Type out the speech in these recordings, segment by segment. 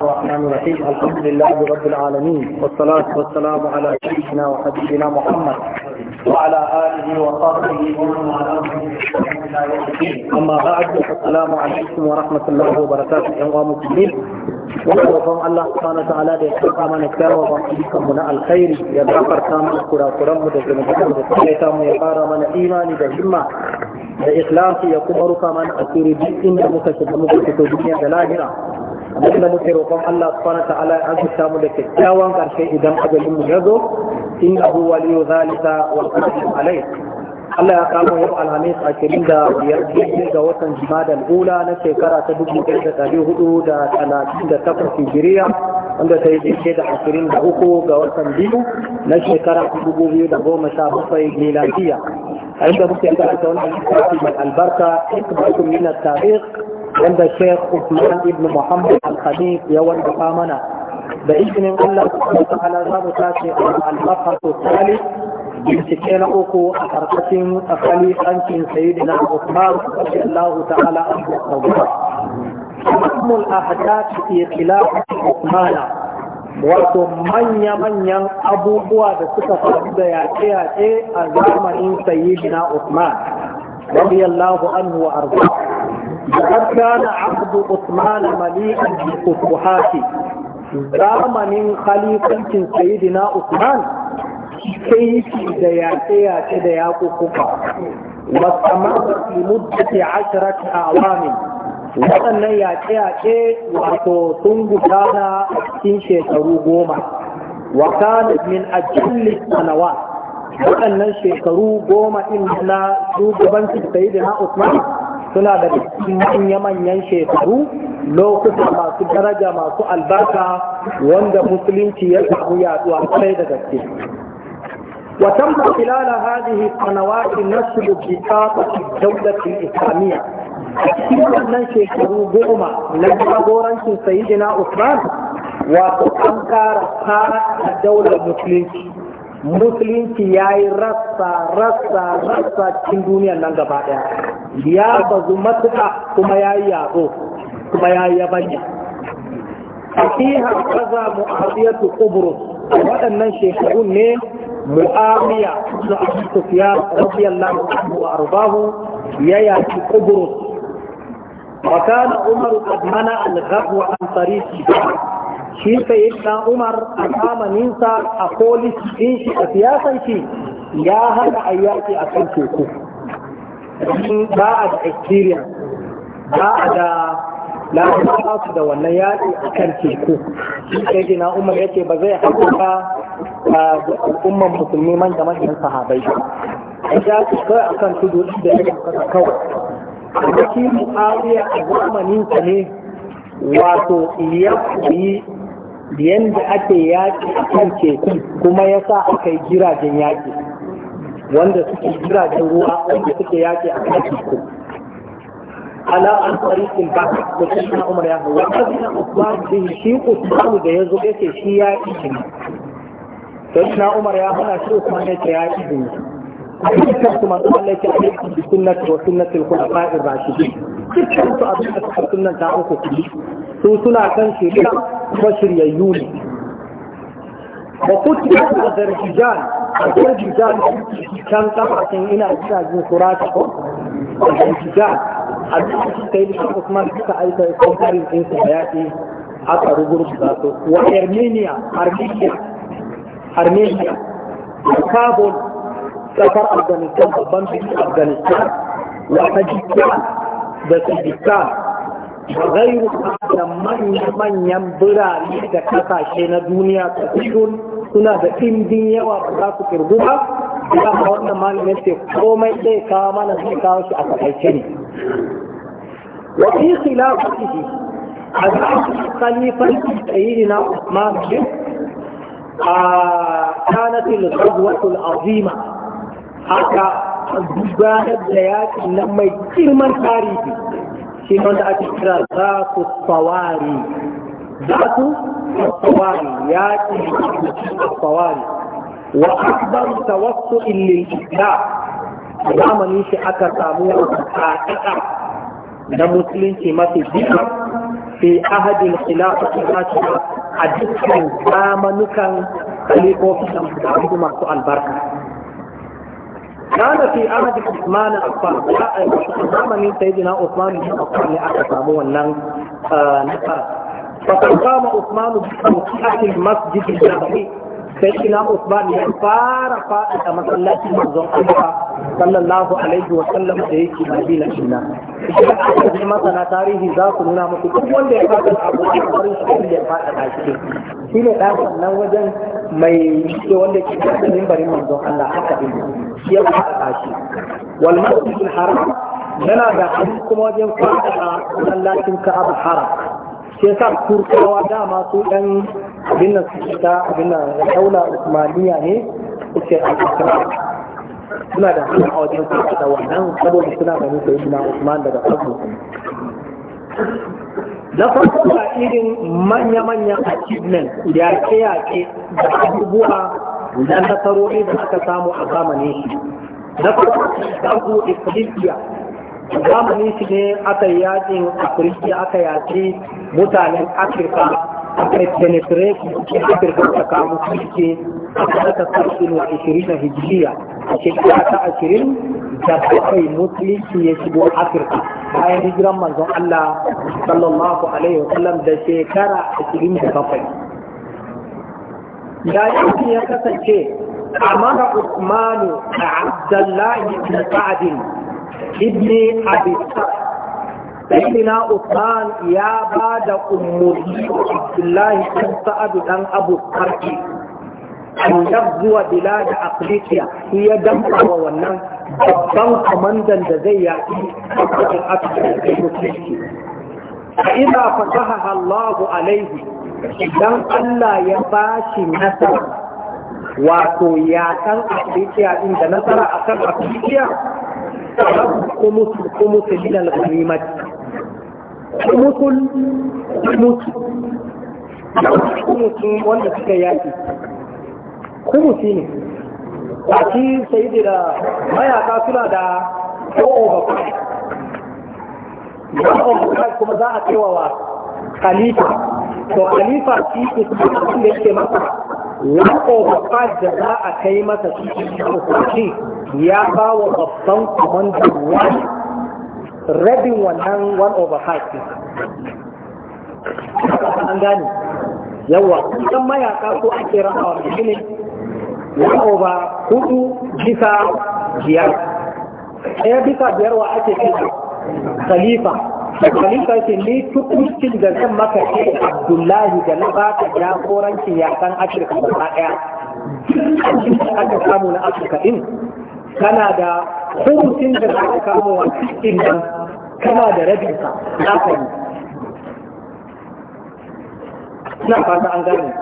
الرحمن الرحيم الحمد لله رب العالمين والصلاة والسلام على سيدنا وحبيبنا محمد وعلى آله وصحبه ومن على أما بعد السلام عليكم ورحمة الله وبركاته يوم مقبل وقوم الله سبحانه وتعالى أن نكتاب وبقيك منع الخير يدعفر كام القرى قرم دزن قرم دزن قرم دزن قرم دزن قرم دزن قرم دزن قرم دزن قرم دزن قرم دزن قرم دزن قرم abin da muke roƙon Allah subhanahu ta'ala ya azurta mu da kyakkyawan karshe idan ajalin mu ya zo innahu waliyu zalika wal qadir alayh Allah ya kamo yau alhamis a kirin da biyar biyu ga watan jimadal ula na shekara ta dubu ɗaya da ɗari hudu da talatin da takwas hijiriya wanda ta yi jirgin da ashirin da uku ga watan biyu na shekara ta dubu biyu da goma sha bakwai miladiya a inda muke karanta wannan littafi mai albarka ikbatun min at-tarikh wanda Sheikh Usman ibn Muhammad al-Khabib ya wanda mana da izinin Allah subhanahu wa ta'ala za mu tashi al-Baqarah al-Thalith bincike na uku a karkashin khalifancin Sayyidina Usman radiyallahu ta'ala an anhu Mahmul Ahdath fi khilafat Usman wato manya-manyan abubuwa da suka faru da yaƙe-yaƙe a zamanin Sayyidina Usman radiyallahu anhu wa arzahu لقد كان عبد عثمان مليئا بالفتوحات zamanin khalifancin sayyidina Usman kai da yaƙe yaƙe da yaƙuƙuka wasamar fi muddati asharati awamin waɗannan yaƙe yaƙe wato sun gudana cikin shekaru goma wa kana min ajalli sanawa waɗannan shekaru goma ɗin na shugabancin sayyidina Usman suna da manya-manyan shekaru lokuta masu daraja masu albarka wanda musulunci ya samu yaduwa sai da gaske وتم خلال هذه السنوات نشر بطاقة الدولة shekaru goma na jagorancin sayidina Usman wato an kara fara daular musulunci musulunci ya yi rasa-rasa-rasa cikin duniya nan gaba ɗaya ya bazu matuƙa kuma ya yi yaɗo kuma ya yi yabanya sahiha kaza mu'afiyatu kubru waɗannan shekarun ne mu'amiya na a sufiya radiyallahu anhu wa arbahu ya yaki kubru umaru عمر قد al الغزو عن طريق shi yi na umar a kamaninsa a polis din shi a siyasan shi ya haɗa a yaƙi a kan teku ba a da experience ba a da lafiya su da wannan yaƙi a kan teku yi na umar yake ba zai ba a al'umman musulmi man da manyan sahabai a ce kawai a kan tudu da ya kasa kawai a cikin ariya a zamaninsa ne wato ya yi yadda ake yaƙi a kan teku kuma ya sa aka yi jiragen yaƙi wanda suke jiragen ruwa wanda suke yaƙi a kan teku ala an tsarikin ba da na umar ya hau wata zina usman bin shi usman da ya zo ya ce shi ya izini na umar ya na shi usman ya ce ya shi dukkan su masu Allah yake alaikum bi sunnati wa sunnati al-khulafa'i ar-rashidin dukkan su abin da suka sunnan ta uku kudi su suna kan shirya kuma shiryayyu ne wa kutiya azarbijan azarbijan kan kafatin ina ina jin surata ko azarbijan a cikin kai da Usman suka aika kokarin din su bayani aka rugurguza su wa Armenia Armenia Armenia Kabul قطر افغانستان افغانستان افغانستان وطاجيكان باتجيكان غير حتى من من ينبرى لك كتاشين الدنيا تكون هنا ذا كم دنيا وابراك كربوها إذا قلنا ما نمسي قوم إلي كاما نزل كاوش أتحيشين وفي خلافته أزعج خليفة سيدنا عثمان آه كانت الغزوة العظيمة aka gudanar da yaƙi na mai girman tarihi shi wanda ake kira za su tsawari za su tsawari yaƙi da tsawari wa ta tawassu illil islam zamani shi aka samu tsakaka na musulunci mafi jika fi ahadin khilafati rashida a dukkan zamanukan khalifofin da masu albarka kana fi ahadi Usman Affan ya aika zamanin sayyidina Usman bin Affan ne aka samu wannan nasara fa kama Usman bi tawqi'ati al-masjid al-nabawi sai ina Usman ya fara faɗi a masallacin manzon Allah sallallahu alaihi wa sallam da yake Madina inna idan aka ji masana tarihi za ku nuna muku duk wanda ya faɗa abu a farin shi ya faɗa a cikin shine dan wannan wajen mai ke wanda ke da mimbarin manzon Allah haka din shi ya faɗa a shi wal masjidul haram yana da kuma wajen faɗa a masallacin Ka'ab haram sai sa turkawa dama su dan abin nan suke ta abin nan daula usmaniya ne suke a kasar suna da hannun a wajen suke da wannan saboda suna ganin yi na usman daga abu na farko a irin manya-manyan achievement yake yake da abubuwa na nasarori da aka samu a zamanin shi na farko abu ifriqiya zamanin shi ne aka yaƙin afirka aka yaki mutanen afirka aka penetrate cikin afirka ta kamu suke a ta sarkin wa ashirin na hijiriya ta ashirin da bakwai musulunci ya shigo afirka bayan hijiran manzon allah sallallahu alaihi wasallam da shekara ashirin da ya kasance mara usmanu da abdullahi ibn sa'adin ibn abi sa'ad sayyidina Usman ya ba da umarni Abdullahi bin Sa'ad dan Abu Farki an yabzuwa bilad Afrika ya damfa wa wannan babban kwamandan da zai yaƙi a Afrika musulunci فإذا فتحها الله عليه dan Allah ya ba shi nasara wato ya san da inda nasara akan Afrika kuma kuma tilal ghanimati ka mutul mutu kumusin wanda suka yaki kumusi ne a ci sai da mayaka suna da ko'o ba kuma kuma za a cewa wa khalifa to khalifa shi ke kuma da yake masa wako babba da za a kai masa shi ya ba wa babban kwamandan wani rabin wannan one over five 5 an gane yawa kan mayaka ko ake wa mutumin one over hudu bisa biyar ɗaya bisa biyar wa ake kira khalifa khalifa ce ni tukuncin da zan maka ce abdullahi da na ba ta baka jagorancin yakan afirka gaba ɗaya aka samu na afirka din kana da hukuncin da za ka kamo wa cikin nan كما دردتا يا فني نا فاتا ان غاني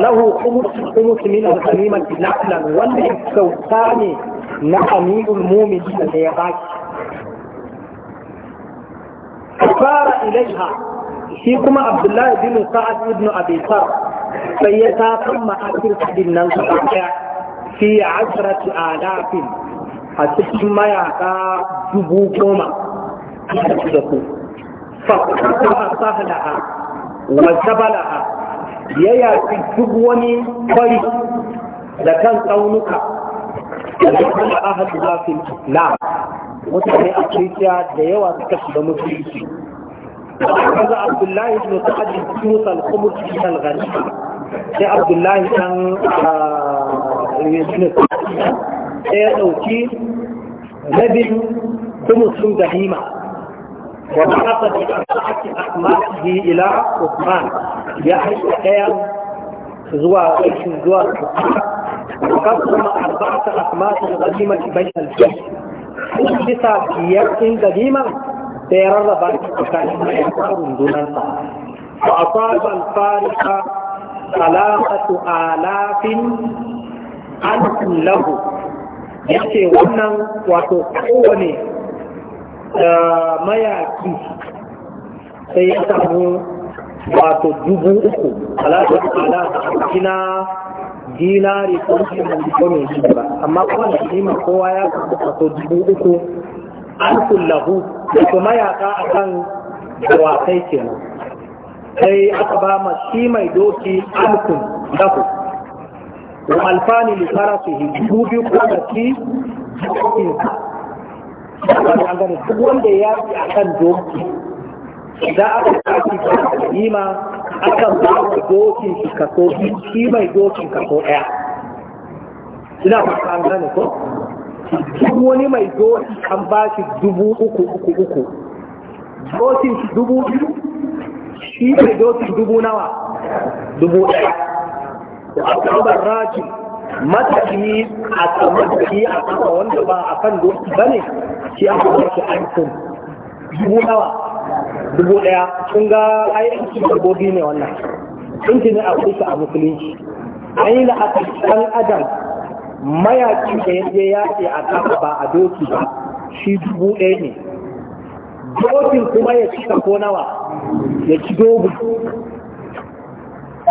له خمس خمس من الغنيمة نقلا والذي سوطاني نعميم المؤمن الذي يباك فار إليها فيكم عبد الله بن سعد بن أبي سعد فيتاقم أكل قدر ننصر في عشرة آلاف حتى ثم يعطى جبوكما da ku fasaha sahlaha wa ya yafi duk wani kwari da kan tsaunuka da kuma ahadu lafin la mutane a kirkiya da yawa suka shiga musulunci kaza abdullahi ibn sa'ad yusuf al-qumr ibn al-ghani sai abdullahi dan ibn sa'ad sai ya dauki nabin kuma sun ganima وبعث بأربعة أقماشه zuwa عثمان يعني أيام زوا زوا وقسم أربعة أقماش الغنيمة بين الجيش bisa biyar ɗin ganima da ya rarraba shi tsakanin ma'aikatan rundunansa wa a al-farika salatatu alafin an lahu yace wannan wato kowane mayaki sai ya samu wato dubu uku alaƙa alaƙa na dinari ko shirin ko mai shi ba amma kowane shima kowa ya samu wato dubu uku an kullahu wato mayaka a kan dawakai kenan sai aka ba ma shi mai doki an kun dafu wa alfani li farafihi dubu biyu ko da shi an duk wanda ya fi a kan doki idan aka tashi ta kalima akan ba su dokin shi kaso shi mai dokin kaso ɗaya ina fata an ko duk wani mai doki an ba shi dubu uku uku uku dokin shi dubu biyu shi mai dokin dubu nawa dubu ɗaya da abubuwan rajin mataki a tsammaki a kasa wanda ba a kan doki ba ne shi aka ba shi iphone dubu nawa dubu daya Sun ga ayyukan aiki ne wannan inji ne a kusa a musulunci an yi la'akar ɗan adam mayaƙi da ya je yaƙi a kafa ba a doki ba shi dubu ɗaya ne dokin kuma ya cika ko nawa ya ci dogo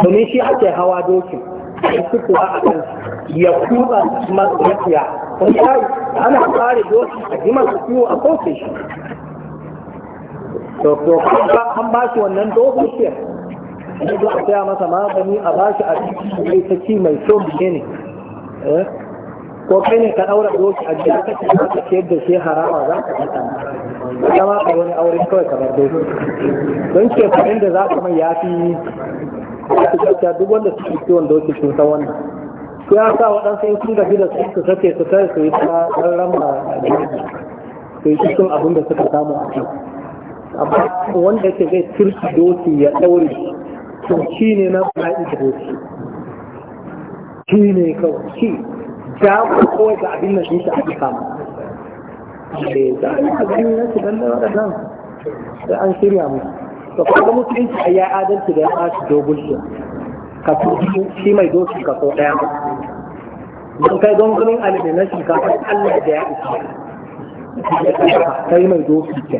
domin shi ake hawa dokin a kuwa a kan ya kuɗa masu kun kare ana kare doki a ji su ciwo a koke shi to to an ba shi wannan dogon shi ne za a saya masa magani a ba shi a cikin ta ci mai so biye ne eh? ko kai ne ka daura doki a jiya ka ci ka ciyar da shi harama za ka fita ita ma ka wani aure kawai ka bar doki don ke kuɗin da za ka mai yafi ya fi duk wanda suke ciwon doki sun san wannan ya sa waɗansu in sun gaji da su su sake su tare su yi ta ɗan a jirgi su yi cikin abin da suka samu a kan amma wanda yake zai turki doki ya ɗaure to shi ne na bala'i da doki shi ne kawai shi jago kawai da abin da shi ake samu eh, da aka gani na su dan da nan? Sai an shirya mu to kuma mutunci ya adalci da ya ɓaci dogon shi ka shi mai doki ka so ɗaya don kai gongomin alibi na shinkafa Allah da ya isa kai mai doki ke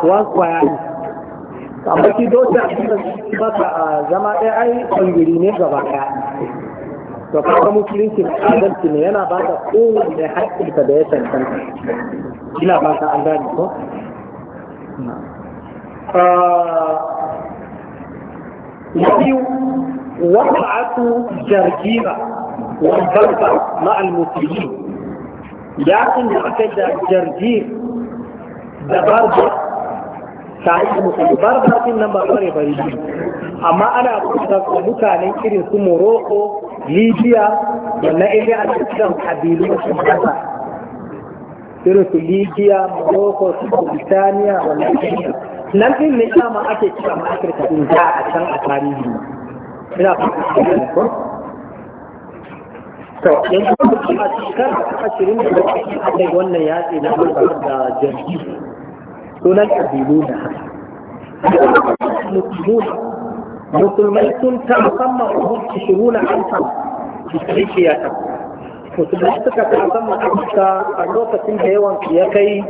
kuwa kwaya ne amma shi doki a cikin baka a zama ɗaya ai kwangiri ne gaba ɗaya to kaga musulunci na adalci ne yana ba da haƙƙi haƙƙinsa da ya cancanta ina ba ka an gani ko na biyu wata jargira والبربع مع المسلمين لكن أكد جرجير دبربع tare da musulmi barbatin nan ba kware bari ne amma ana kusa mutanen irin su morocco libya da na iliya a cikin kabilu su kasa irin su libya morocco su britaniya da nan din ne kama ake kira ma afirka din a can a tarihi ina fata a yankin to yanzu a cikin ashirin da aka yi wannan yaƙi na albar da jirgi sunan ƙabilu da haka musulmai sun ta musamman uhud ishiruna alfan shiyata musulmai suka ta musamman afirka a lokacin da yawan ya kai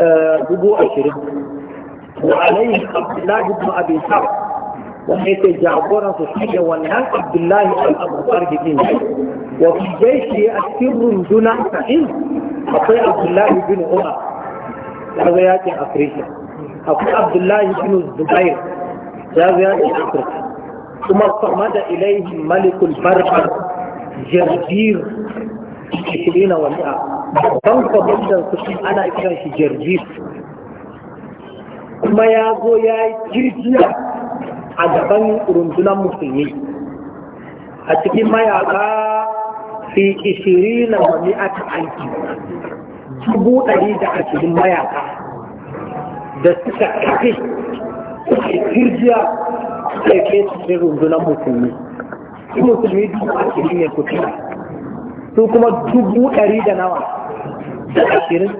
eh, dubu ashirin wa alayhi abdullahi abi wanda yake jagoran su shi wannan abdullahi al'abu arzikin wa fi jaishi a cikin runduna sa'in akwai abdullahi bin umar ya zo yakin afirka akwai abdullahi bin zubair ya zo yakin afirka kuma sama da ilaihi malikul barbar da ishirin wanda su shi ana kiran shi kuma ya zo ya yi jirgiya a gaban rundunar musulmi a cikin mayaka fi ishiri na wani aka aiki dubu ɗari da ashirin mayaka da suka kafe suke kirjiya suka ke cikin rundunar musulmi su musulmi dubu ashirin ya kuka su kuma dubu ɗari da nawa da ashirin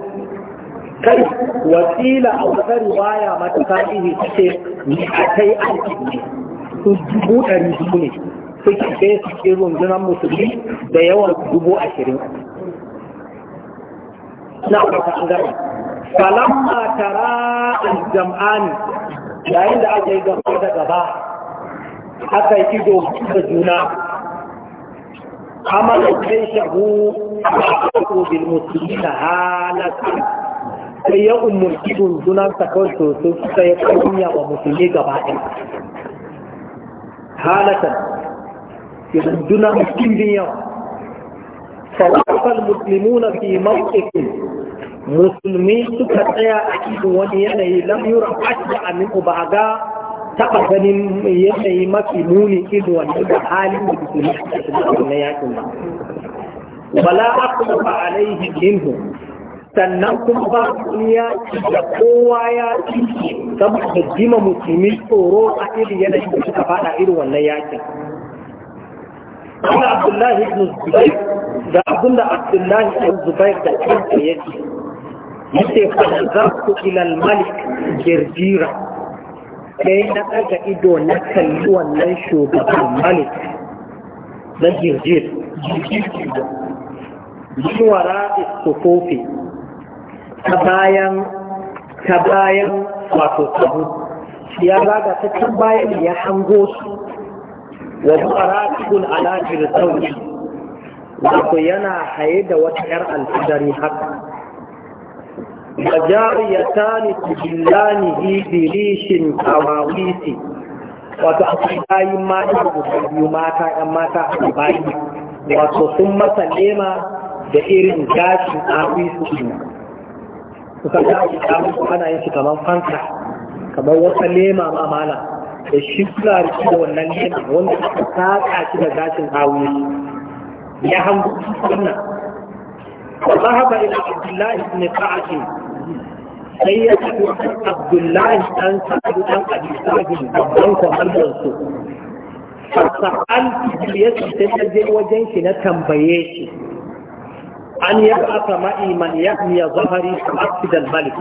kai wasila a wata ruwaya mata sa'ihi ce ni a kai an ne su dubu ɗari dubu ne suke kai su ke rundunar musulmi da yawan dubu ashirin na wata an gaba falamma tara jam'ani yayin da aka yi gaba da gaba aka yi ido da juna amalin zai shahu a bil musulmi da halatta sai ya umurci rundunar ta kawai sosai suka ya kanya wa musulmi gaba ɗaya halatan rundunar musulmi yawa musulmi na fi موقف musulmi suka tsaya a cikin wani yanayi lamura yura da amin ba ga taɓa ganin yanayi mafi muni irin wanda da halin da musulmi suka a na yakin ba wala ba a minhu sannan kuma ba ya da kowa ya ci saboda jima musulmi tsoro a irin yanayin da suka fada irin wannan yakin Ana Abdullahi ibn Zubair da da Abdullahi ibn Zubair da ke kanka yake yace fa zarku ila al-malik girjira sai na daga ido na kalli wannan shugaban malik na girjir girjir wara sufofi ta bayan ta bayan wato tabu ya zaga ta can bayan ya hango su wa bu'ara cikin alajir jirzauni wato yana haye da wata yar alfidari haka ya وجاريتان تجلانه a mawisi. wato a kai bayin mata guda biyu mata ‘yan mata a bayi wato sun masa nema da irin gashin awisu su kan da ake samun su ana yin su kamar fanka kamar wata lema ma mala da shi suna rike da wannan lema wanda aka saka shi da gashin hawi ya hango sunna wa haɓa ila abdullahi ibn qa'at sai ya tafi abdullahi ɗan sa'adu dan abi sa'id kwamar kwamandan su fasa'al ya tafi wajen shi na tambaye shi an yi aka ma'i man ya ya zahari a da malik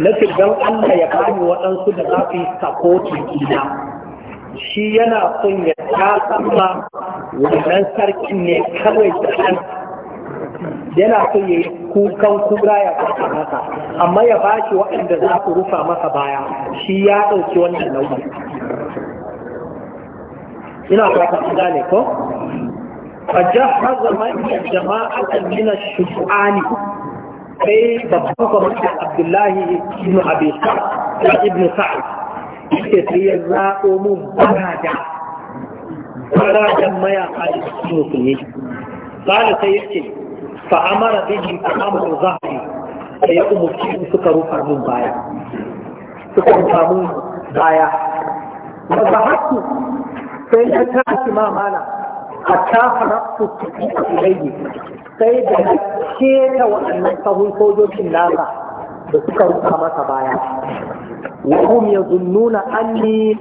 na don Allah ya bani waɗansu da za su yi sakotin shi yana son ya ta ma wannan sarkin ne kawai da ɗan yana son ya yi kukan kura ya kasa masa amma ya ba shi waɗanda za su rufa masa baya shi ya ɗauki wannan nauyi ina fata gane ko فجهز من جماعة من الشجعان sai babban kwamitin abdullahi ibn abi da ibn sa'ad yake sai ya zaɓo mun baraja barajan mayaka da cikin musulmi bala sai yake fa amara bihi fa amara zahiri sai ya umarci su suka mun baya suka rufa hatta haraftu tafiya ilaihi sai da na keta waɗannan sahun sojojin nasa da suka ruka masa baya wa hum yazunnuna anni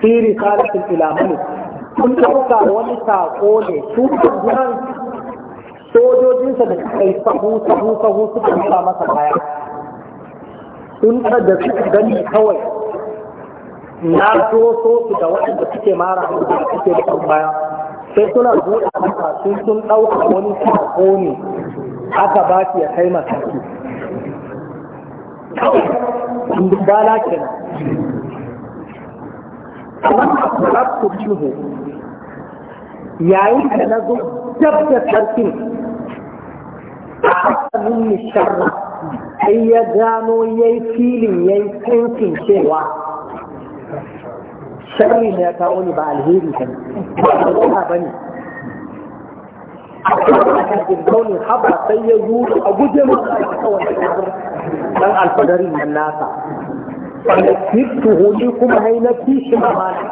fi risalatin ila malik kun dauka wani sako ne su kan sojojinsa da suka yi sahu sahu sahu suka ruka masa baya sun da suka gani kawai na so so su da waɗanda suke mara da suke da baya sai suna buɗe masa sun sun ɗauka wani sako ne aka ba shi ya kai masaki bala kenan amma a ku cihu yayin da na zo dab da sarkin a hannun nishara sai ya gano ya yi filin ya yi tsinkin cewa sharri ne ya kawo ni ba alheri kan sai ya zuru a guje dan alfadarin nan nasa wanda fito hudu kuma hai na fi shi mamaya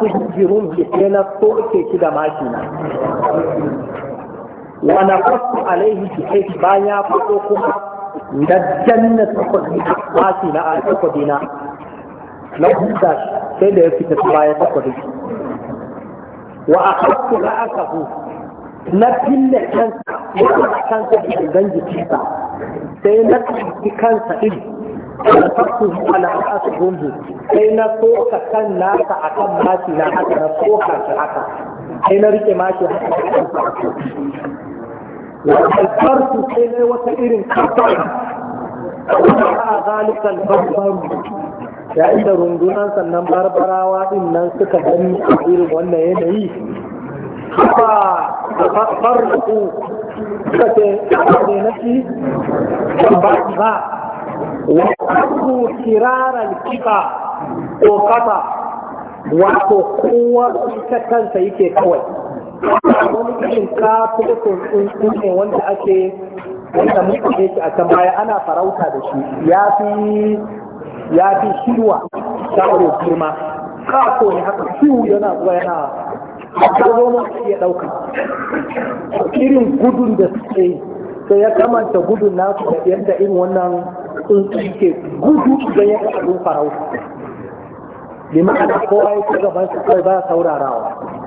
su jirun ke ke na so ke shi da mashi wana fasu alaihi ki kai shi baya fito kuma da jannat ko ne mashi na alfadina na hudu sai da ya fita baya ta kwadu wa a aka ra'asahu na fille kansa ya kuma kansa da gangan jikinsa sai na tafi kansa ɗin da fasu a ra'asa gungu sai na soka kan nasa a kan mashi na haka na soka shi haka sai na rike mashi haka da kansa wa alfarsu sai na wata irin kafa wa a zalikan babban ya da rundunan sannan barbarawa din nan suka gani a irin wannan yanayi ba farko suka ce ne na fi ba ba ku kiraran kifa ko kafa wato kowa ita kansa yake kawai wani irin kafin tsuntsun ne wanda ake wanda mutum yake a can baya ana farauta da shi ya fi ya fi shirwa shago girma kako ne haka shiwu yana zuwa yana ta zo wani su ɗauka irin gudun da suke yi sai ya kamanta gudun nasu da yadda irin wannan tsuntsu ke gudu idan ya abin farauta bi ma'ana kowa ya ci gaban su kai ba saurarawa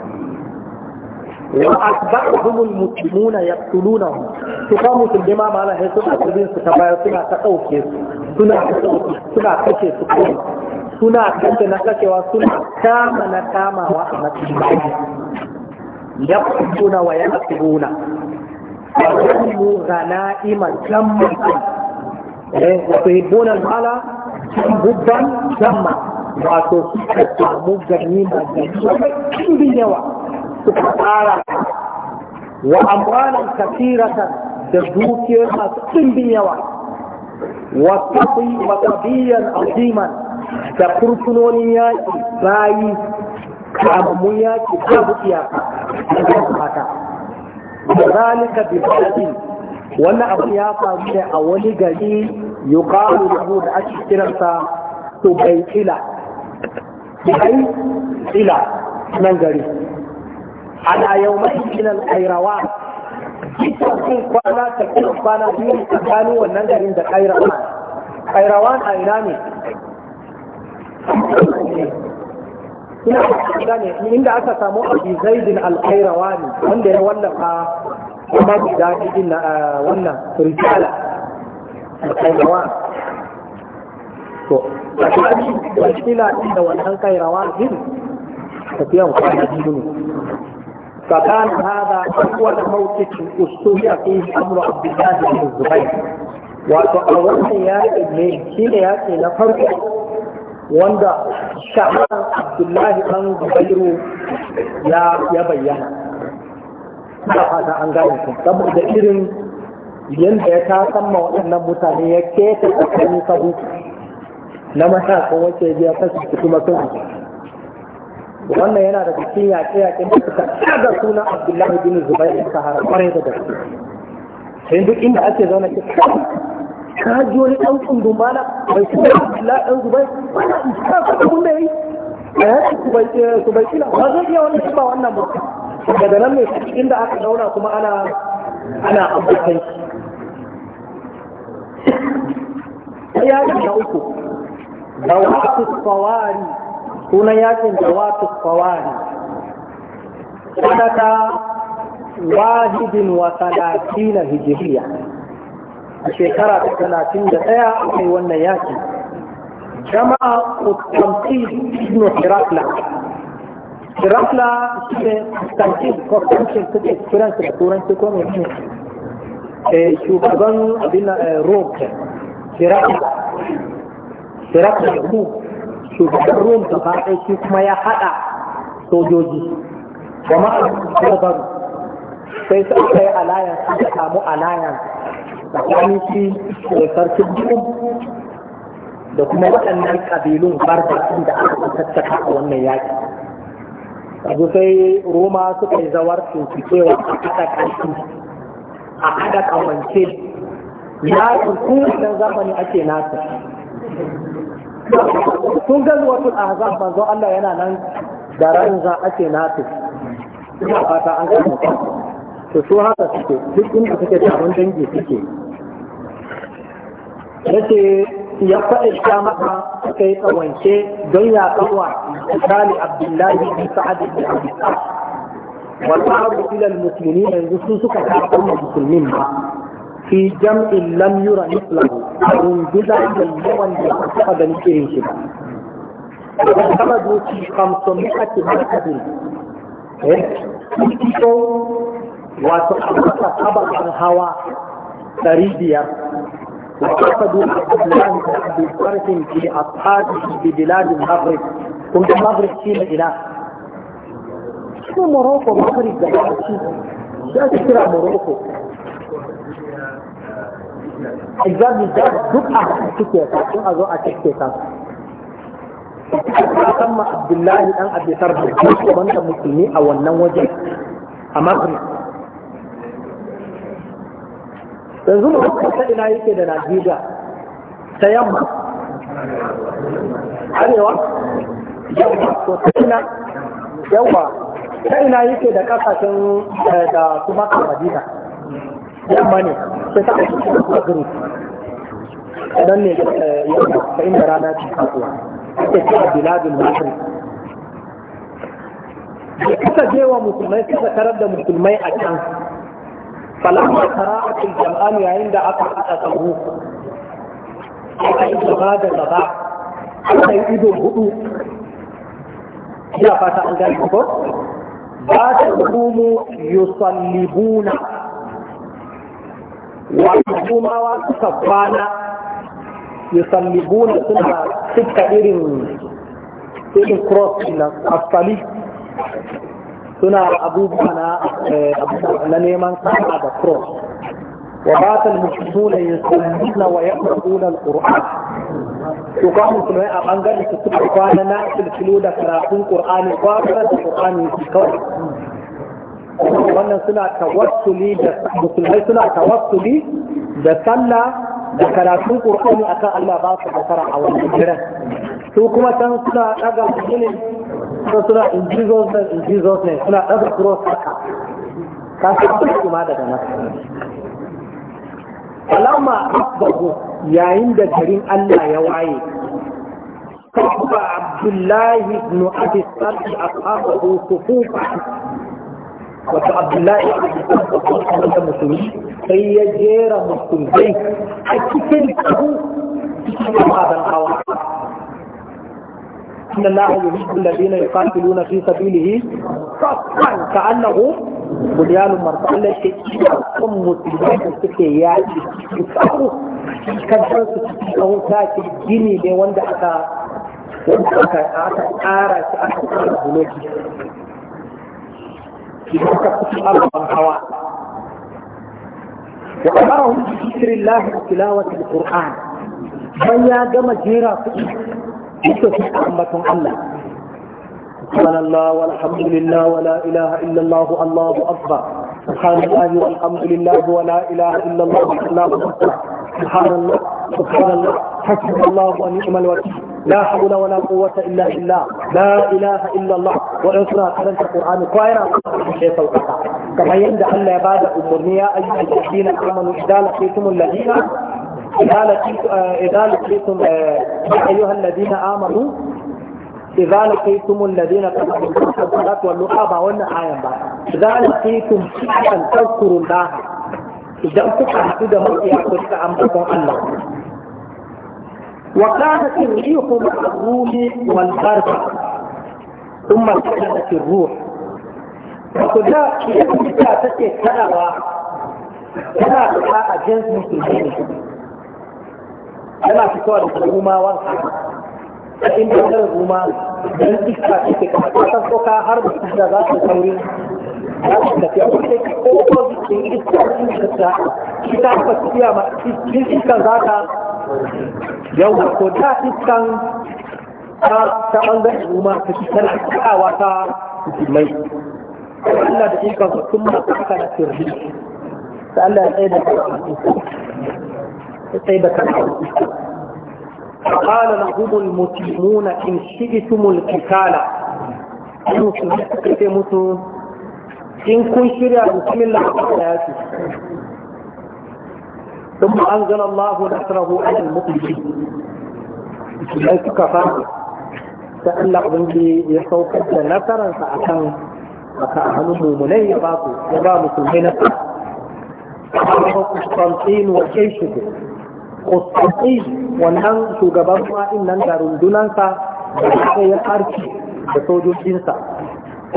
wa asba'uhum almuslimuna yaqtulunahum to ka musulmi ma mala sai suka kudin su ta bayar suna ta dauke su suna ta dauke suna kace su kudin suna kace na kacewa suna kama na kamawa a matsayin bayi yaqtuluna wa yaqtuluna mu ghana'ima wato suka samu ganima yawa suka tsara wa amalan kafiratan da dukiyar masu ɗimbin yawa wa tafi wa tabiyan aziman da furfunonin yaƙi bayi kamammun yaƙi babu iyaka da mata da zalika bi baladin wannan abu ya faru ne a wani gari yuqalu lahu da ake kiransa bai tubaitila nan gari ala yawmai من الخيروان kisan sun kwana ta kisan kwana biyu tsakanin wannan garin da kairawa Kairawa a ina ne ina da ne inda aka samu abu zaidin al ne wanda ya wallafa kuma guda cikin wannan rijala al-kairawan to a cikin da wannan kairawa din tafiyan kwana biyu ne فكان هذا أول موقف أستهزأ فيه أمر عبد الله بن الزبير وأول يا ابني شيل ياكي نفرق وند شعر عبد الله بن الزبير يا يا بيانا haka an gane su saboda irin yadda ya ta samma waɗannan mutane ya keta tsakanin sabu na matakan wacce ya biya kasu kuma sun wannan yana da cikin yaƙe-yaƙen da suka shaga sunan abdullahi bin zubair da sahara kwarai da gaske sai duk inda ake zaune ke ka ji wani ɗan kundin bana bai kuma abdullahi ɗan zubair wannan ka faɗa kun da yi a yanzu su bai kila ba zai iya wannan ba wannan ba daga nan mai inda aka zauna kuma ana ana abokai ya yi na uku da wasu tsawari sunan yakin da watu kawani sanata wahidin wa talatina hijiriya a shekara ta talatin da ɗaya akwai wannan yakin jama'a kustantin ibn hirafla hirafla shi ne kustantin kustantin suke kiransu da turanci ko mai eh, shugaban abin eh, rome hirafla hirafla rome shugaban rum ta faɗin shi kuma ya haɗa sojoji wa ma'aikatar sai su aka yi alayan su ta samu alayan tsakanin shi da sarkin rum da kuma waɗannan ƙabilun barbatin da aka tattaka a wannan yaƙi yanzu sai roma suka yi zawar tuntukewa a haɗa ƙarfi a haɗa ƙawance ya tuku da zamani ake nasa Sun kun gazuwatul ahzab manzo Allah yana nan da ran za a ake nafi fata an gane to su haka suke duk inda suke taron dangi suke yace ya faɗi ta maka suka yi tsawance don ya tsawa misali abdullahi bin sa'ad bin abi wal ma'ruf ila al-muslimin yanzu sun suka kafa musulmin ba fi jam'in lam yura mislahu rundunar da yawan da ba taɓa ganin shi ba da kama doki kamson mi'ati ma'adin so wato a saba tabakan hawa da biyar وقصدوا عبد الله da في اصحابه في بلاد المغرب كنت المغرب في مدينه شنو موروكو مغرب ده شنو ده ترى موروكو exactly da duk a suke kafin a zo a cike ka musamman abdullahi dan abisar da ke wanda musulmi a wannan wajen a makon yanzu mu ta ina yake da najeriya ta yamma arewa yamma ta ina yawa ta ina yake da kasashen eh, da kuma kan madina yamma ne sai ta a group don ne yamma ta inda rana ce kasuwa ake ce a biladun masri da kasa je wa musulmai suka tarar da musulmai a can falamma tara'atul jam'an yayin da aka haɗa tsaro aka yi gaba da gaba aka yi ido hudu ina fata an gani ko ba ta hukumu yusallibuna wata rumawa suka kwana yusallibuna suna suka irin irin cross na asali suna abubuwa na neman sama da cross wa ba ta musulmuna yusallibuna wa yaqra'una al-qur'an to ga musulmai a bangaren su suka kwana na silsilo da karatun qur'ani ba da qur'ani kawai wannan suna tawassuli da musulmai suna tawassuli da sallah da karatun qur'ani akan Allah ba su tsara a wannan gidan. su kuma san suna daga ne ko suna in da ne ne suna daga cross haka ka su kuma daga nan alama asbahu yayin da garin Allah ya waye kafa Abdullahi ibn Abi sarri ashabahu sufufa wata abdullahi a cikin wata musulmi sai ya jera musulmi a cikin kahu cikin إن الله يريد الذين يقاتلون في سبيله صفا كأنه بنيان مرفوع لا شيء ثم مسلمات تكيات يصفر أو ذات الجني لوند أتا وأتا أتا أرى idan ka fito arzikin hawa wa amarahum bi dhikrillah wa tilawati alquran bayan ya gama jera su ita su ambaton Allah سبحان الله والحمد لله ولا إله إلا الله الله أكبر سبحان الله والحمد لله ولا إله إلا الله الله أكبر سبحان الله سبحان الله حسبي الله ونعم الوكيل la haula wala quwwata illa billah la ilaha illa Allah wa suna karanta Qur'ani ko yana sai sauƙaƙa kamar yadda Allah ya bada umurni ya ayyuhal ladina amanu idza laqitumul ladina إذا لقيتم يا أيها الذين آمنوا إذا لقيتم الذين كفروا واللقابة والنعاية إذا لقيتم شيئا تذكروا الله إذا كنت أحدد مرئي أقول الله وكانت الريح مع الروم والبرد ثم كانت الروح وكذا يبقى تتي كنوا كنا بقاء جنس مسلمين أنا في سؤال الروما والحق فإن كان الروما جنس كاتبك فتسوك هرب استهدادات الثورين ko ko jikin iska cikin ta ta tafiya ma cikin iska za ta yau da ko ta iskan ta ta bangaren umma ta ci tana kawa ta musulmai Allah da ikon su sun ma na da ta Allah ya tsaye da ta ya tsaye da kan قال لهم المسلمون إن شئتم القتال in kun إن كن شرع بسم الله ثم أنزل الله نصره على المؤمنين إذا كفر فألا أبنجي يسوق نصرا فأكان فأهل المؤمنين يباطوا يبا مسلمين قسطنطين وجيشه قسطنطين wannan shugaban ma'in nan da rundunansa da suka yi harki da sojojinsa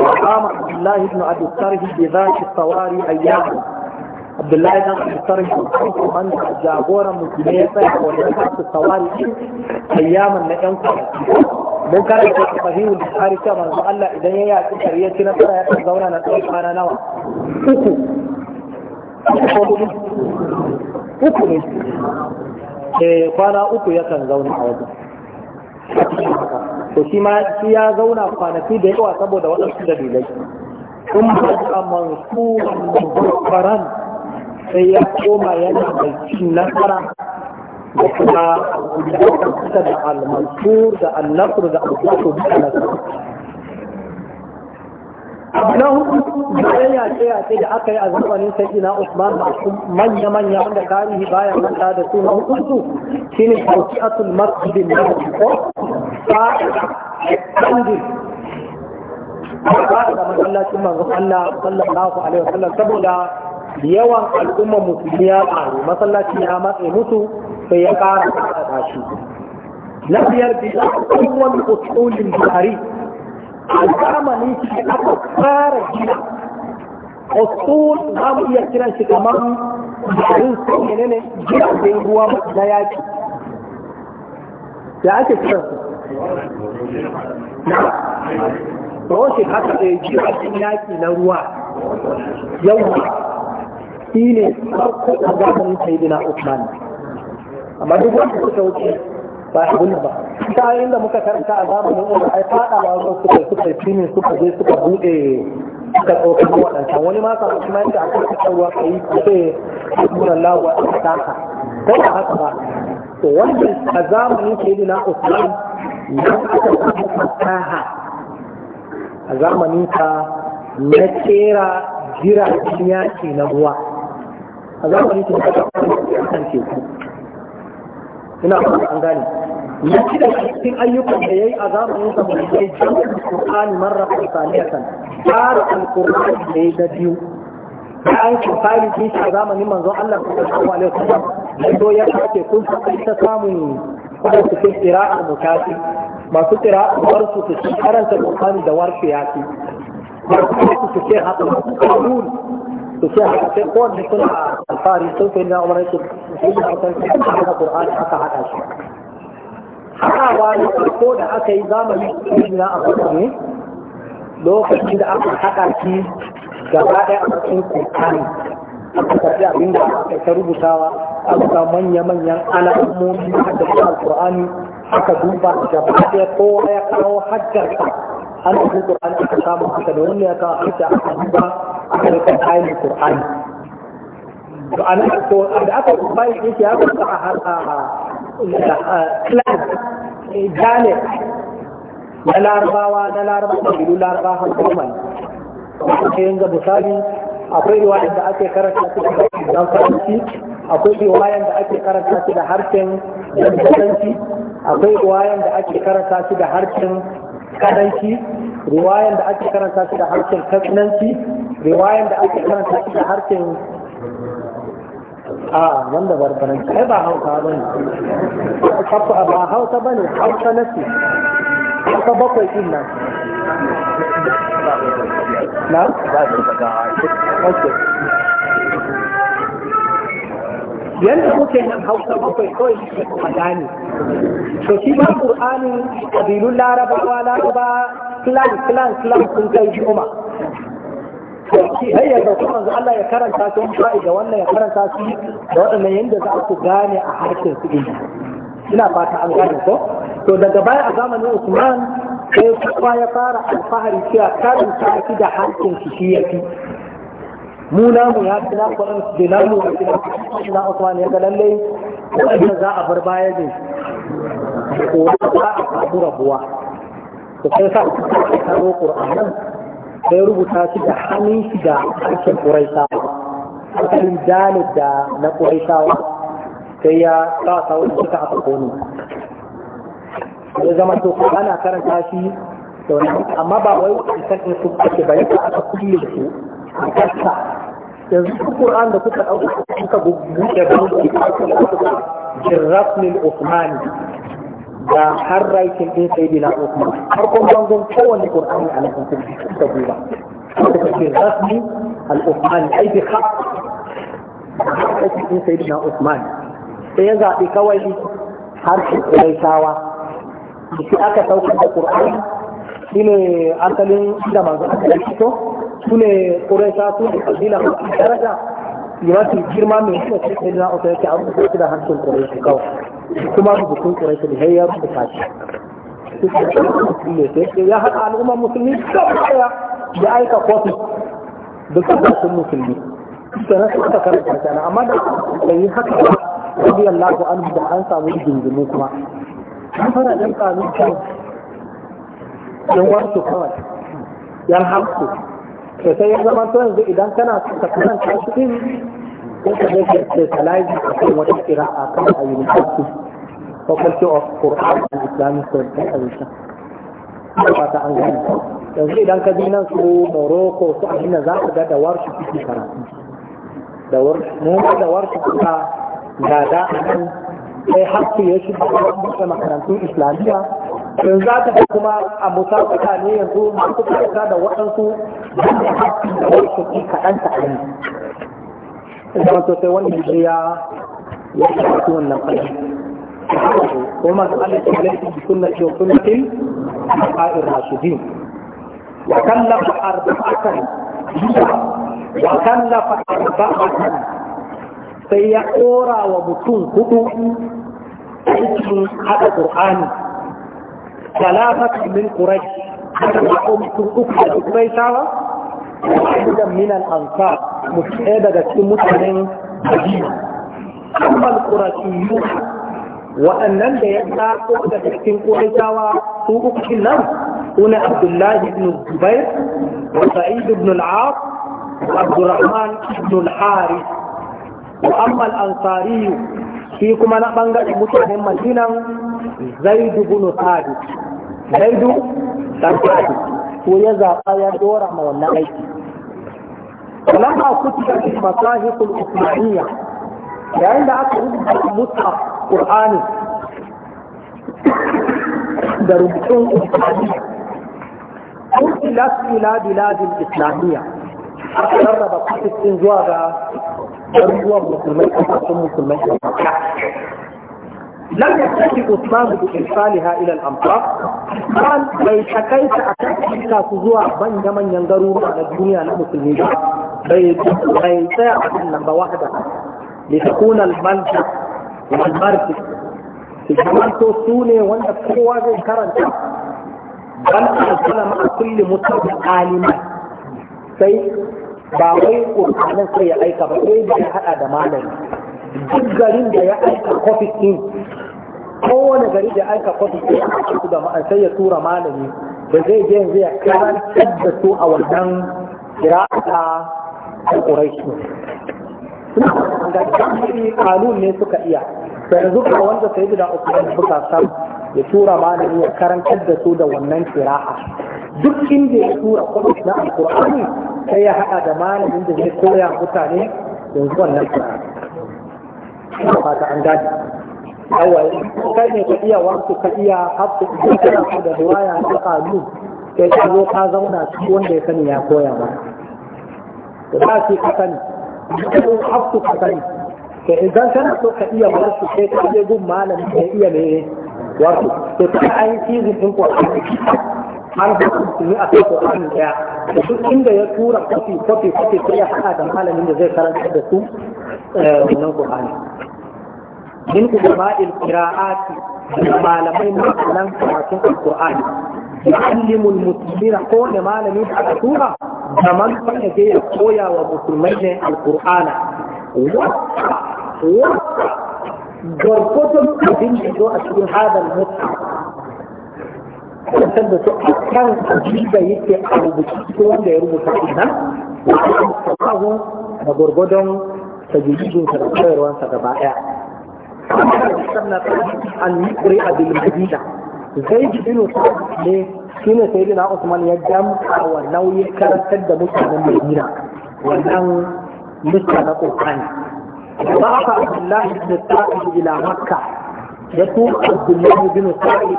wa kama abdullahi ibn abu sarhi za ki sawari ayyamu abdullahi dan abdusar shi an jagoran musulmi ya tsaya wani kasu sawari din ayyaman na yan kwanaki mun karanta a fahimu da tsari cewa manzo Allah idan ya yaƙi kariya ci nasara ya kan zauna na tsawon kwana nawa uku uku ne eh, kwana uku ya kan zauna a wajen to shi ma shi ya zauna kwanaki da yawa saboda waɗansu da dalilai ثم بدا منصورا مبكرا sai ya koma yana da cikin nasara da kuma da kusa da al-mansur da al da al duka nasara na hudu bayan yaƙe-yaƙe da aka yi a zamanin na Usman su manya-manya wanda tarihi baya manta da su na su shi ne taukiatul masjidin na ko ba kandi ba da masallacin manzon Allah sallallahu alaihi wasallam saboda yawan al'umma musulmi ya ƙaru masallaci ya matse mutu sai ya ƙara da shi na biyar bi wani usulin buhari a zamanin shi aka fara gina usul za mu iya kiran shi kamar garin su ne ne jiragen ruwa na yaƙi Ya ake kiran su Roshi haka da jiragen yaƙi na ruwa yau shi ne a zamanin sayidina Usman amma duk wanda suka wuce ba abin ba ta inda muka karanta a zamanin Umar ai fada ma wasu suka suka ne suka je suka buɗe, suka tsokar waɗancan wani ma sa kuma yadda aka kasar ruwa ka yi kuɗe subhanallah wa ta'ala ko ba haka ba to wannan a zamanin sayidina Usman ya aka samu fasaha a zamanin ka na kera jiragen yaki na ruwa a zamanin su da kan teku ina ba an gane ya ci da cikin ayyukan da yayi a zamanin sa mun yi jami'in Qur'ani marra salihatan har al-Qur'ani da ya biyu da an ci fali din a zamanin manzon Allah sallallahu alaihi wasallam da to ya kace kun ta samun kuma su ke qira'a mutasi masu qira'a warsu su karanta Qur'ani da warfi yaki masu su ke hada Qur'ani to sai haka kowanne suna alfahari sun sai na umar yake sai da aka yi da Qur'ani aka haɗa shi Haka hakawa ne ko da aka yi zamani sai na Abubakar ne lokacin da aka haɗa shi gaba ɗaya a cikin ƙur'ani, aka tafi abin da aka ta rubutawa aka ga manya-manyan alamomi da Qur'ani aka duba gaba ɗaya kowa ya kawo hajjarsa an ɗauki a aka samu haka da wani ya kawo aka aka duba aka rika kayan Qur'ani to a nan ko da aka bai yake ya ka a har a class jale na larabawa na larabawa da bilu larabawa har goma ne kuma yanzu misali akwai riwayar da ake karanta su da dan faransi akwai riwayar da ake karanta su da harshen dan faransi akwai riwayar da ake karanta su da harshen kadanci riwayan da ake karanta shi da harshen katsinanci riwayan da ake karanta shi da harshen a wanda barbaranci ai ba hausa ba ne ba hausa ba ne hausa na shi, hausa bakwai din nan na? yanda kuke nan hausa bakwai kawai suke kuma gane to shi ba qur'anin kabilun larabawa laraba clan clan clan sun kai goma to shi har yanzu kuma Allah ya karanta su wani fa'i da wannan ya karanta su da waɗannan yanda za ku gane a harshen su ɗin ina fata an gane ko to daga baya a zamanin Usman sai kuma ya fara alfahari cewa karanta shi da harshen shi shi fi. mu namu ya fi na kwanan da namu a cikin na na Usman ya ga lallai wanda za a bar baya ne ko ta a samu rabuwa da sai sa ta ro nan sai rubuta shi da hannun shi da harshen Quraisha asalin dalil da na Quraishawa sai ya sa sa wani suka a kono ya zama to ana karanta shi da wani amma ba wai wani sakin su ake bayyana aka kulle su yanzu duk Qur'an da kuka dauka kuka buɗe banki jirraf Uthman da har raikin din sayyidina Uthman farkon bangon kowanne Qur'ani a nan kun kuka buɗe kuka jirraf lil Uthman ai bi kha raikin din sayyidina Uthman sai ya zaɓi kawai harshen Quraishawa shi aka sauka da Qur'ani shine asalin da manzo aka fito su ne ƙuraisha su ne kabila mafi daraja mafi girma mai shi a cikin na otu yake an rubuta su da harshen ƙuraisha kawai kuma rubutun ƙuraisha da ya rubuta shi ya haɗa al'ummar musulmi kawai ya aika kofi da kasashen musulmi sannan suka karanta sana amma da bai yi haka ba radiyallahu anhu da an samu jinjimu kuma an fara ɗan ƙamin kan yan wasu kawai yan hamsu to sai ya zama to yanzu idan kana son ka karanta ko ka je ke specialize a kan wata a kan a university faculty of Quran and Islamic Studies a Yusha ba ta an gani yanzu idan ka bi nan su Morocco su Amina za ka ga da warshi kike karatu da warshi mu da warshi ga da da sai haƙƙi ya shi da makarantun islamiyya yanzu za ta ka kuma a musabaka ne yanzu masu kusa da waɗansu da haƙƙi da wasu ki kaɗan kaɗan Ina to sai wani yanzu ya ya karatu wannan fadi kuma su ala ce laifin sunnati wa sunnatin a'ir rashidin wa kallafa arba'atan wa kallafa arba'atan sai ya ƙora wa mutum hudu aikin haɗa ƙur'ani ثلاثة من قريش أم أكل قريشاوة واحدة من الأنصار مشهدة كمتنين مدينة أما القرشيون وأنن ده يتاقوا ده تكتين قريشاوة سوء كلام هنا عبد الله بن الزبير وسعيد بن العاص وعبد الرحمن بن الحارث وأما الأنصاري فيكم أنا بنغا متنين مدينة زيد بن ثابت zaidu dan fadi ko ya zaɓa ya dora ma wannan aiki ku ci gaji masahif al-islamiyya yayin da aka rubuta musa qur'ani da rubutun islamiyya ursilat ila biladil islamiyya a rarraba kutubin zuwa ga ɗan musulmai kasashen musulmai لم يستحق عثمان بإرسالها إلى الأمطار كان بي شكيت أكثر كزوع من يمن ينظروا على الدنيا المسلمين بي بي ساعة لما واحدة لتكون المنجد والمرجد الجمال توسوني وانا قوة كرنتا بل أنزل مع كل مسلم عالما سي باوي قرآن سي أيكا بأي بي حقا دمانا duk garin da ya aika kofis ɗin, kowane gari da aika kofis ɗin a cikin da ma'an sai ya tura malami da zai je yanzu ya karantar da su a wannan kira'a a ƙuraishi da kamfani kanun ne suka iya da yanzu ka wanda sai da usman buka sam ya tura malami ya karantar da su da wannan kira'a duk inda ya tura kofis na alƙur'ani sai ya haɗa da malamin da zai koya mutane yanzu wannan kira'a da fata an gane yawa kai ne ka iya wasu ka iya hafsu idan kana so da riwaya ta kalu sai ka zo ka zauna shi wanda ya sani ya koya ba to ba ce ka sani ko hafsu ka sani to idan kana so ka iya wasu sai ka je gun malam ka iya ne wasu to ta an season din Qur'ani an da musulmi a kai ɗaya. daya duk inda ya tura kofi kofi kofi sai ya haɗa da malamin da zai karanta da su wannan Qur'ani min ulama'il qira'ati malamai nan karatun Qur'ani yu'allimu al ko da malami da aka tura da man da ke koya wa musulmai ne al-Qur'ana garkotun abin da zo a cikin hadal mutum kusantar da su a kan ajiba yake a rubuce wanda ya rubuta ina da gwargwadon tajwidinsa da koyarwansa gaba ɗaya Kuma sannan an yi ƙuri a bilmadina zai ji ino ne shi ne sai dina usman ya damka wa nauyi karantar da mutanen madina wannan lista na ƙoƙani ba haka abdullahi bin sa'id ila makka ya tura abdullahi ta sa'id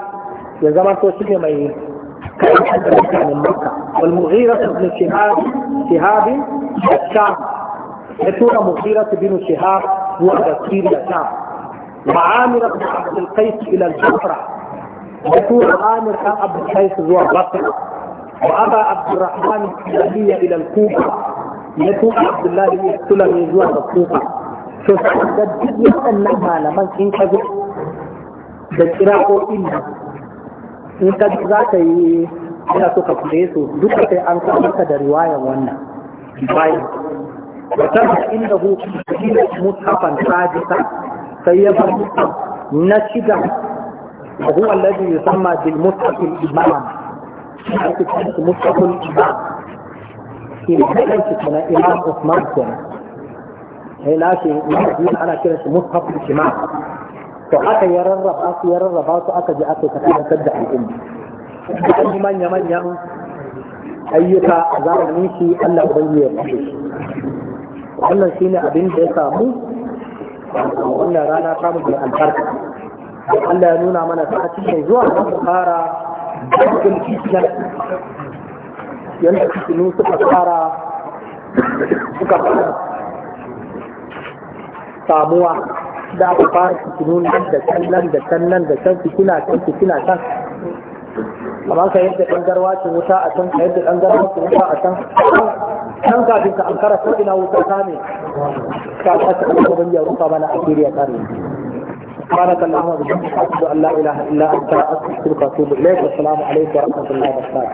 ya zama ko shi ne mai karantar da mutanen makka wal mughira ibn shihab shihab shahab ya tura mughira bin shihab zuwa ga siriya ta ma'amir ibn abd al-qais ila al-basra ya tura amir ibn abd al-qais zuwa basra wa aba abd al-rahman ila al-kufa ya tura Abdullahi abdullah bin sulaiman zuwa ga kuka. to da duk waɗannan malaman in ka zo da ko nan in ka za ka yi ina so ka kure su duka sai an kawo da riwayan wannan bayan وترك عنده كثير مصحفا حادثا سيبقى نشدا وهو الذي يسمى بالمصحف الإمام مصحف الإمام إمام كنا إمام عثمان كنا هنا شيء موجود أنا كده مصحف الإمام فأكا يررب أكا يررب أكا جاء أكا كتابة تبدأ الأمة أي من يمن يمن أيها زارنيشي الله أبيه wannan shi ne abin da ya samu wannan rana ta mu da albarka Allah ya nuna mana ta cikin zuwa na mu fara dukkan cikin yanda cikin suka fara suka fara samuwa da aka fara cikin nan da can nan da can nan da can fitina can fitina can amma ka yadda ɗan garwacin wuta a can ka yadda ɗan garwacin wuta a can Kan kafin ka ankara ko ina wuta ta ne ka ta ta ban ya rufa a kiriya kare سبحانك اللهم وبحمدك اشهد ان لا اله الا انت استغفرك واتوب اليك والسلام ورحمه الله وبركاته